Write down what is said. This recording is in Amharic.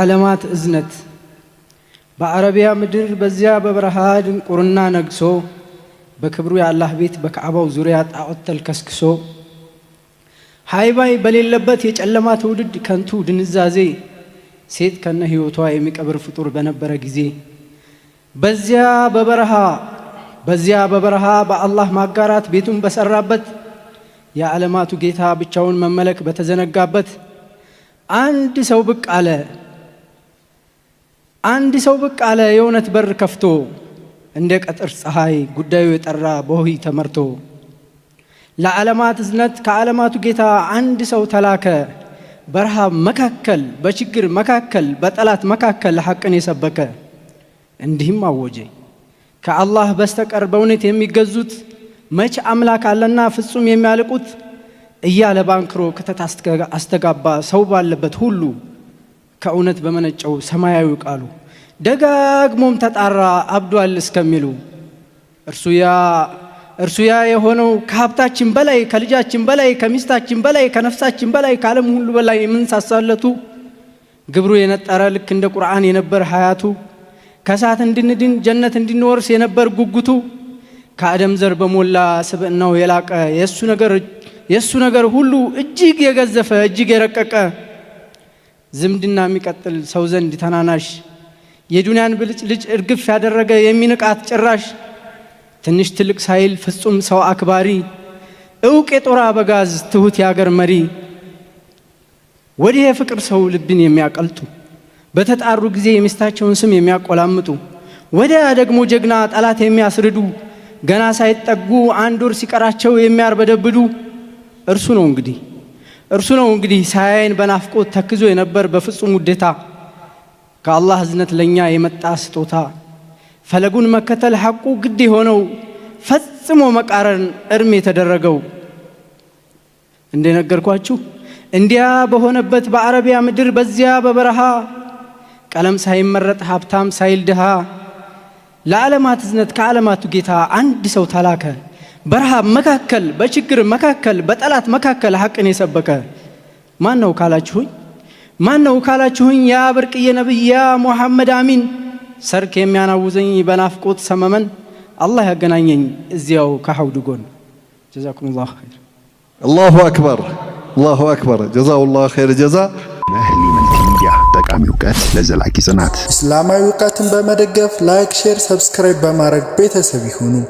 ዓለማት እዝነት በአረቢያ ምድር በዚያ በበረሃ ድንቁርና ነግሶ በክብሩ የአላህ ቤት በካዕባው ዙሪያ ጣዖት ተልከስክሶ ሃይባይ በሌለበት የጨለማ ትውልድ ከንቱ ድንዛዜ ሴት ከነ ሕይወቷ የሚቀብር ፍጡር በነበረ ጊዜ በዚያ በበረሃ በዚያ በበረሃ በአላህ ማጋራት ቤቱን በሰራበት የዓለማቱ ጌታ ብቻውን መመለክ በተዘነጋበት አንድ ሰው ብቅ አለ። አንድ ሰው ብቅ አለ የእውነት በር ከፍቶ እንደ ቀጥር ፀሐይ ጉዳዩ የጠራ በሆይ ተመርቶ ለዓለማት እዝነት ከዓለማቱ ጌታ አንድ ሰው ተላከ በረሃብ መካከል በችግር መካከል በጠላት መካከል ሐቅን የሰበከ እንዲህም አወጀ ከአላህ በስተቀር በእውነት የሚገዙት መቼ አምላክ አለና ፍጹም የሚያልቁት እያለ ባንክሮ ክተት አስተጋባ ሰው ባለበት ሁሉ ከእውነት በመነጨው ሰማያዊ ቃሉ ደጋግሞም ተጣራ አብዷል እስከሚሉ እርሱ ያ እርሱ ያ የሆነው ከሀብታችን በላይ ከልጃችን በላይ ከሚስታችን በላይ ከነፍሳችን በላይ ከዓለም ሁሉ በላይ የምንሳሳለቱ ግብሩ የነጠረ ልክ እንደ ቁርአን የነበር ሀያቱ ከእሳት እንድንድን ጀነት እንድንወርስ የነበር ጉጉቱ ከአደም ዘር በሞላ ስብዕናው የላቀ የእሱ ነገር ሁሉ እጅግ የገዘፈ እጅግ የረቀቀ ዝምድና የሚቀጥል ሰው ዘንድ ተናናሽ የዱንያን ብልጭ ልጭ እርግፍ ያደረገ የሚንቃት ጭራሽ ትንሽ ትልቅ ሳይል ፍጹም ሰው አክባሪ እውቅ የጦር አበጋዝ ትሁት የአገር መሪ ወዲህ የፍቅር ሰው ልብን የሚያቀልጡ በተጣሩ ጊዜ የሚስታቸውን ስም የሚያቆላምጡ ወዲያ ደግሞ ጀግና ጠላት የሚያስርዱ ገና ሳይጠጉ አንድ ወር ሲቀራቸው የሚያርበደብዱ እርሱ ነው እንግዲህ እርሱ ነው እንግዲህ ሳያይን በናፍቆት ተክዞ የነበር በፍጹም ውዴታ ከአላህ ህዝነት ለእኛ የመጣ ስጦታ ፈለጉን መከተል ሐቁ ግድ የሆነው ፈጽሞ መቃረን እርም የተደረገው እንደነገርኳችሁ እንዲያ በሆነበት በአረቢያ ምድር በዚያ በበረሃ ቀለም ሳይመረጥ ሀብታም ሳይል ድሃ ለዓለማት እዝነት ከዓለማቱ ጌታ አንድ ሰው ተላከ። በረሃብ መካከል፣ በችግር መካከል፣ በጠላት መካከል ሐቅን የሰበከ ማን ነው ካላችሁኝ ማን ነው ካላችሁኝ ያ ብርቅዬ ነቢይ ያ ሙሐመድ አሚን ሰርክ የሚያናውዘኝ በናፍቆት ሰመመን አላህ ያገናኘኝ እዚያው ከሐውድ ጎን። ጀዛኩሙላሁ ኸይር። አላሁ አክበር አላሁ አክበር። ጀዛውላሁ ኸይር ጀዛ። ሚዲያ ጠቃሚ እውቀት ለዘላቂ ጽናት፣ እስላማዊ እውቀትን በመደገፍ ላይክ፣ ሼር፣ ሰብስክራይብ በማድረግ ቤተሰብ ይሁኑ።